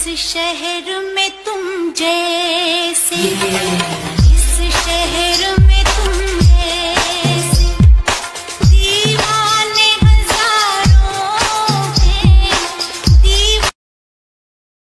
इस शहर में तुम जैसे